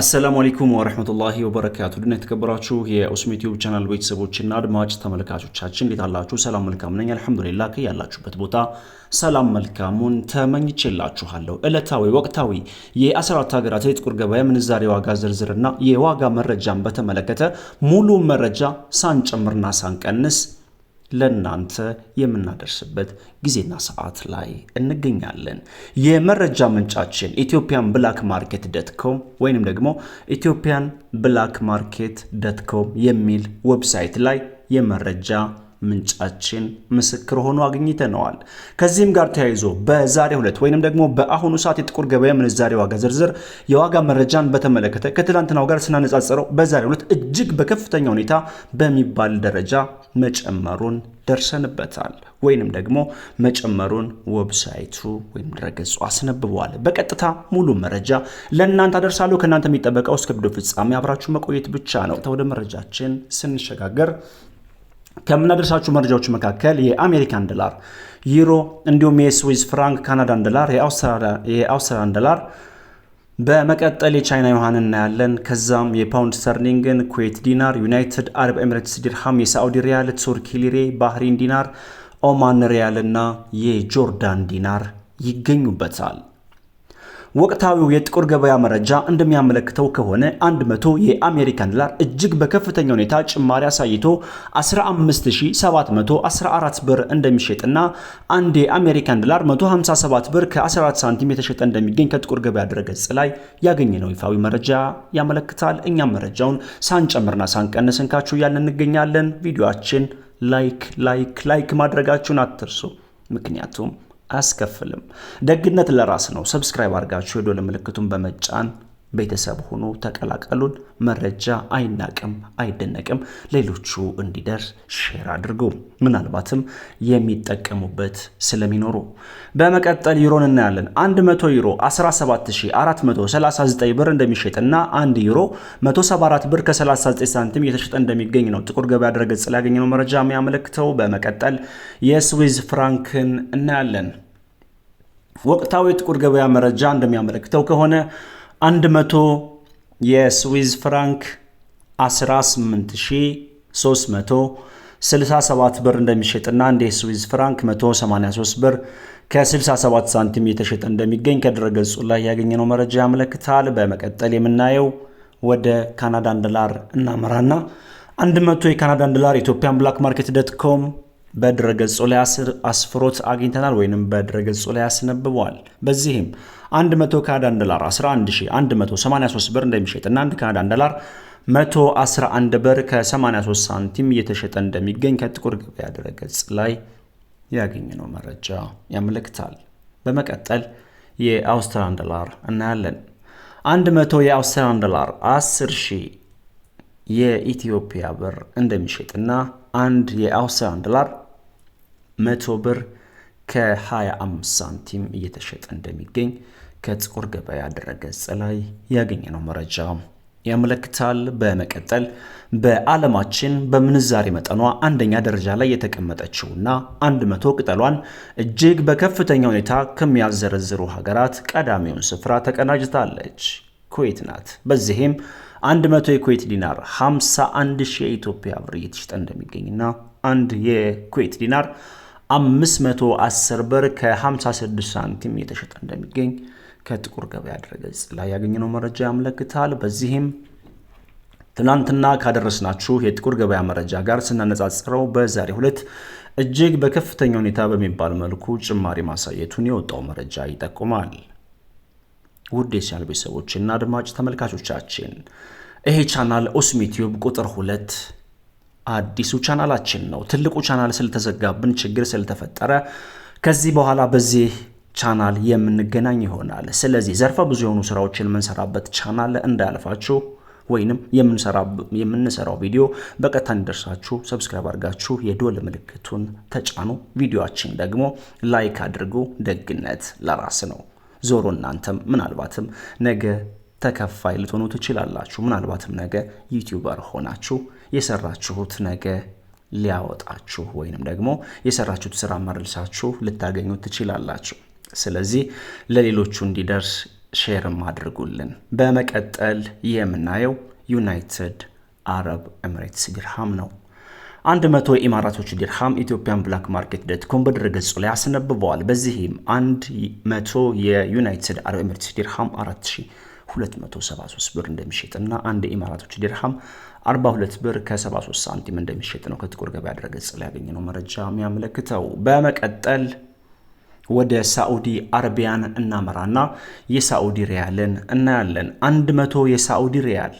አሰላሙ አሌይኩም ወረህመቱላሂ ወበረካቱ ድና የተከበራችሁ የኡስሚ ዩቲዩብ ቻናል ቤተሰቦችና አድማጭ ተመልካቾቻችን እንዴት አላችሁ? ሰላም መልካም ነኝ አልሐምዱሊላ። ከያላችሁበት ቦታ ሰላም መልካሙን ተመኝቼላችኋለሁ። ዕለታዊ ወቅታዊ የ14 ሀገራት የጥቁር ገበያ ምንዛሬ ዋጋ ዝርዝርና የዋጋ መረጃን በተመለከተ ሙሉ መረጃ ሳንጨምርና ሳንቀንስ ለእናንተ የምናደርስበት ጊዜና ሰዓት ላይ እንገኛለን። የመረጃ ምንጫችን ኢትዮጵያን ብላክ ማርኬት ኮም ወይንም ደግሞ ኢትዮጵያን ብላክ ማርኬት ኮም የሚል ዌብሳይት ላይ የመረጃ ምንጫችን ምስክር ሆኖ አግኝተነዋል። ከዚህም ጋር ተያይዞ በዛሬ ሁለት ወይንም ደግሞ በአሁኑ ሰዓት የጥቁር ገበያ ምንዛሬ ዋጋ ዝርዝር የዋጋ መረጃን በተመለከተ ከትላንትናው ጋር ስናነጻጽረው በዛሬ ሁለት እጅግ በከፍተኛ ሁኔታ በሚባል ደረጃ መጨመሩን ደርሰንበታል ወይንም ደግሞ መጨመሩን ወብሳይቱ ወይም ድረገጹ አስነብበዋል። በቀጥታ ሙሉ መረጃ ለእናንተ አደርሳለሁ። ከእናንተ የሚጠበቀው እስከ ቪዲዮ ፍጻሜ አብራችሁ መቆየት ብቻ ነው። ተወደ መረጃችን ስንሸጋገር ከምናደርሳችሁ መረጃዎች መካከል የአሜሪካን ዶላር፣ ዩሮ እንዲሁም የስዊዝ ፍራንክ፣ ካናዳን ዶላር፣ የአውስትራሊያን ዶላር በመቀጠል የቻይና ዮሐን እናያለን። ከዛም የፓውንድ ስተርሊንግን፣ ኩዌት ዲናር፣ ዩናይትድ አረብ ኤምሬትስ ዲርሃም፣ የሳዑዲ ሪያል፣ ቱርኪ ሊሬ፣ ባህሪን ዲናር፣ ኦማን ሪያል እና የጆርዳን ዲናር ይገኙበታል። ወቅታዊው የጥቁር ገበያ መረጃ እንደሚያመለክተው ከሆነ 100 የአሜሪካን ዶላር እጅግ በከፍተኛ ሁኔታ ጭማሪ አሳይቶ 15714 ብር እንደሚሸጥና አንድ የአሜሪካን ዶላር 157 ብር ከ14 ሳንቲም የተሸጠ እንደሚገኝ ከጥቁር ገበያ ድረገጽ ላይ ያገኘነው ይፋዊ መረጃ ያመለክታል። እኛም መረጃውን ሳንጨምርና ሳንቀንስ እንካችሁ እያለን እንገኛለን። ቪዲዮአችን ላይክ ላይክ ላይክ ማድረጋችሁን አትርሱ፣ ምክንያቱም አያስከፍልም። ደግነት ለራስ ነው። ሰብስክራይብ አድርጋችሁ የደወል ምልክቱን በመጫን ቤተሰብ ሆኖ ተቀላቀሉን። መረጃ አይናቅም፣ አይደነቅም። ሌሎቹ እንዲደርስ ሼር አድርጉ፣ ምናልባትም የሚጠቀሙበት ስለሚኖሩ። በመቀጠል ዩሮን እናያለን። 100 ዩሮ 17439 ብር እንደሚሸጥና 1 ዩሮ 174 ብር ከ39 ሳንቲም እየተሸጠ እንደሚገኝ ነው ጥቁር ገበያ ድረገጽ ላይ ያገኘነው መረጃ የሚያመለክተው። በመቀጠል የስዊዝ ፍራንክን እናያለን። ወቅታዊ ጥቁር ገበያ መረጃ እንደሚያመለክተው ከሆነ 100 የስዊዝ ፍራንክ 18367 ብር እንደሚሸጥና እንደ ስዊዝ ፍራንክ 183 ብር ከ67 ሳንቲም የተሸጠ እንደሚገኝ ከድረገጹ ላይ ያገኘነው መረጃ ያመለክታል። በመቀጠል የምናየው ወደ ካናዳን ዶላር እናመራና 100 የካናዳን ዶላር ኢትዮጵያን ብላክ ማርኬት ዶት ኮም በድረገጹ ላይ አስፍሮት አግኝተናል ወይንም በድረገጹ ላይ ያስነብበዋል። በዚህም 100 ካናዳን ዶላር 11183 ብር እንደሚሸጥ እና 1 ካናዳን ዶላር 111 ብር ከ83 ሳንቲም እየተሸጠ እንደሚገኝ ከጥቁር ገበያ ድረገጽ ላይ ያገኘነው መረጃ ያመለክታል። በመቀጠል የአውስትራሊያን ዶላር እናያለን። 100 የአውስትራሊያን ዶላር 10 ሺህ የኢትዮጵያ ብር እንደሚሸጥና አንድ የአውስትራሊያን ዶላር 100 ብር ከ25 ሳንቲም እየተሸጠ እንደሚገኝ ከጥቁር ገበያ ድረገጽ ላይ ያገኘነው መረጃ ያመለክታል። በመቀጠል በዓለማችን በምንዛሬ መጠኗ አንደኛ ደረጃ ላይ የተቀመጠችውና አንድ መቶ ቅጠሏን እጅግ በከፍተኛ ሁኔታ ከሚያዘረዝሩ ሀገራት ቀዳሚውን ስፍራ ተቀናጅታለች ኩዌት ናት። በዚህም 100 የኩዌት ዲናር 51 ሺህ የኢትዮጵያ ብር እየተሸጠ እንደሚገኝና አንድ የኩዌት ዲናር 510 ብር ከ56 ሳንቲም እየተሸጠ እንደሚገኝ ከጥቁር ገበያ ድረገጽ ላይ ያገኘነው መረጃ ያመለክታል። በዚህም ትናንትና ካደረስናችሁ የጥቁር ገበያ መረጃ ጋር ስናነጻጽረው በዛሬ ሁለት እጅግ በከፍተኛ ሁኔታ በሚባል መልኩ ጭማሪ ማሳየቱን የወጣው መረጃ ይጠቁማል። ውድ የቻናል ቤተሰቦች እና አድማጭ ተመልካቾቻችን ይሄ ቻናል ኦስሚ ቲዩብ ቁጥር ሁለት አዲሱ ቻናላችን ነው። ትልቁ ቻናል ስለተዘጋብን ችግር ስለተፈጠረ ከዚህ በኋላ በዚህ ቻናል የምንገናኝ ይሆናል። ስለዚህ ዘርፈ ብዙ የሆኑ ስራዎችን የምንሰራበት ቻናል እንዳያልፋችሁ ወይንም የምንሰራው ቪዲዮ በቀጥታ እንዲደርሳችሁ ሰብስክራይብ አድርጋችሁ የዶል ምልክቱን ተጫኑ። ቪዲዮችን ደግሞ ላይክ አድርጉ። ደግነት ለራስ ነው። ዞሮ እናንተም ምናልባትም ነገ ተከፋይ ልትሆኑ ትችላላችሁ። ምናልባትም ነገ ዩቲዩበር ሆናችሁ የሰራችሁት ነገ ሊያወጣችሁ ወይንም ደግሞ የሰራችሁት ስራ መልሳችሁ ልታገኙ ትችላላችሁ። ስለዚህ ለሌሎቹ እንዲደርስ ሼርም አድርጉልን። በመቀጠል የምናየው ዩናይትድ አረብ ኤምሬትስ ዲርሃም ነው። 100 የኢማራቶች ዲርሃም ኢትዮጵያን ብላክ ማርኬት ዶት ኮም በድረገጹ ላይ አስነብበዋል። በዚህም 100 የዩናይትድ አረብ ኤምሬትስ ዲርሃም 4273 ብር እና አንድ የኢማራቶች ዲርሃም 42 ብር ከ73 ሳንቲም እንደሚሸጥ ነው ከጥቁር ገበያ ድረገጽ ላይ ያገኘነው መረጃ የሚያመለክተው። በመቀጠል ወደ ሳዑዲ አረቢያን እናመራና የሳዑዲ ሪያልን እናያለን። 100 የሳዑዲ ሪያል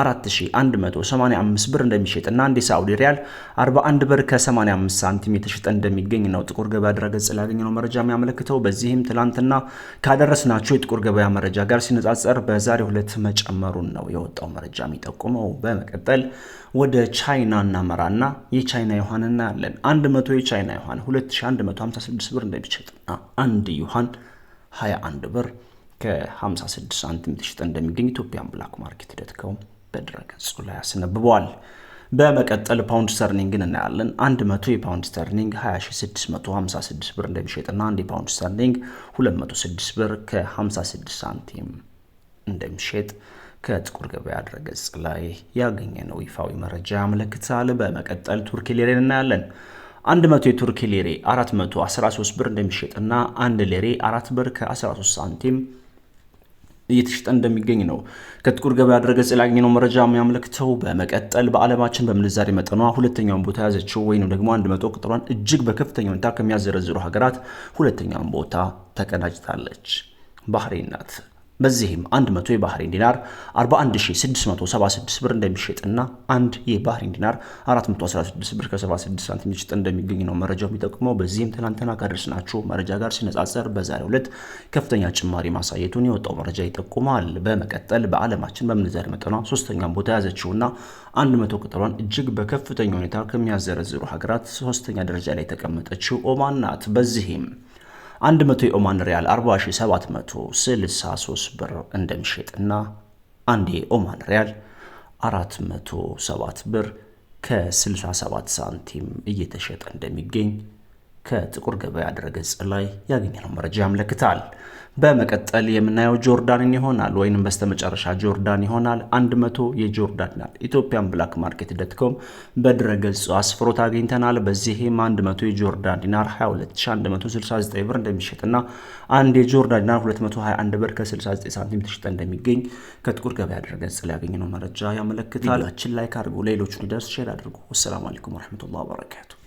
4185 ብር እንደሚሸጥና አንድ የሳዑዲ ሪያል 41 ብር ከ85 ሳንቲም የተሸጠ እንደሚገኝ ነው ጥቁር ገበያ ድረገጽ ላይ ያገኘነው መረጃ የሚያመለክተው። በዚህም ትላንትና ካደረስናቸው የጥቁር ገበያ መረጃ ጋር ሲነጻጸር በዛሬው ዕለት መጨመሩን ነው የወጣው መረጃ የሚጠቁመው። በመቀጠል ወደ ቻይና እናመራና የቻይና ዮሐን እናያለን። 100 የቻይና ዮሐን 2156 ብር እንደሚሸጥና አንድ ዮሐን 21 ብር ከ56 ሳንቲም የተሸጠ እንደሚገኝ ኢትዮጵያን ብላክ ማርኬት ደትከውም በድረገጹ ላይ አስነብበዋል። በመቀጠል ፓውንድ ስተርሊንግን እናያለን። 100 የፓውንድ ስተርሊንግ 20656 ብር እንደሚሸጥና አንድ የፓውንድ ስተርሊንግ 206 ብር ከ56 ሳንቲም እንደሚሸጥ ከጥቁር ገበያ ድረገጽ ላይ ያገኘነው ይፋዊ መረጃ ያመለክታል። በመቀጠል ቱርኪ ሌሬን እናያለን። 100 የቱርኪ ሌሬ 413 ብር እንደሚሸጥና 1 ሌሬ 4 ብር ከ13 ሳንቲም እየተሸጠ እንደሚገኝ ነው ከጥቁር ገበያ ድረገጽ ላይ ያገኘነው መረጃ የሚያመለክተው። በመቀጠል በዓለማችን በምንዛሬ መጠኗ ሁለተኛውን ቦታ ያዘችው ወይም ደግሞ አንድ መቶ ቁጥሯን እጅግ በከፍተኛ ሁኔታ ከሚያዘረዝሩ ሀገራት ሁለተኛውን ቦታ ተቀዳጅታለች ባህሬን ናት። በዚህም 100 የባህሪን ዲናር 41676 ብር እንደሚሸጥና አንድ የባህሪን ዲናር 416 ብር ከ76 ሳንቲም ሊሸጥ እንደሚገኝ ነው መረጃው የሚጠቁመው። በዚህም ትናንትና ካደረስናችሁ መረጃ ጋር ሲነጻጸር በዛሬው ዕለት ከፍተኛ ጭማሪ ማሳየቱን የወጣው መረጃ ይጠቁማል። በመቀጠል በዓለማችን በምንዛሬ መጠኗ ሶስተኛን ቦታ የያዘችውና 100 ቅጠሏን እጅግ በከፍተኛ ሁኔታ ከሚያዘረዝሩ ሀገራት ሶስተኛ ደረጃ ላይ የተቀመጠችው ኦማን ናት። በዚህም 100 የኦማን ሪያል 40763 ብር እንደሚሸጥና አንድ የኦማን ሪያል 407 ብር ከ67 ሳንቲም እየተሸጠ እንደሚገኝ ከጥቁር ገበያ ድረገጽ ላይ ያገኘነው መረጃ ያመለክታል። በመቀጠል የምናየው ጆርዳንን ይሆናል ወይንም በስተመጨረሻ ጆርዳን ይሆናል። 100 የጆርዳን ናል ኢትዮጵያን ብላክ ማርኬት ዶትኮም በድረገጹ አስፍሮት አግኝተናል። በዚህም 100 የጆርዳን ዲናር 22169 ብር እንደሚሸጥና አንድ የጆርዳን ዲናር 221 ብር ከ69 ሳንቲም ተሽጠ እንደሚገኝ ከጥቁር ገበያ ድረገጽ ላይ ያገኘነው መረጃ ያመለክታል። ችን ላይ ካድርጉ ሌሎቹ ሊደርስ ሼር አድርጉ። ወሰላሙ አለይኩም ወረህመቱላህ ወበረካቱ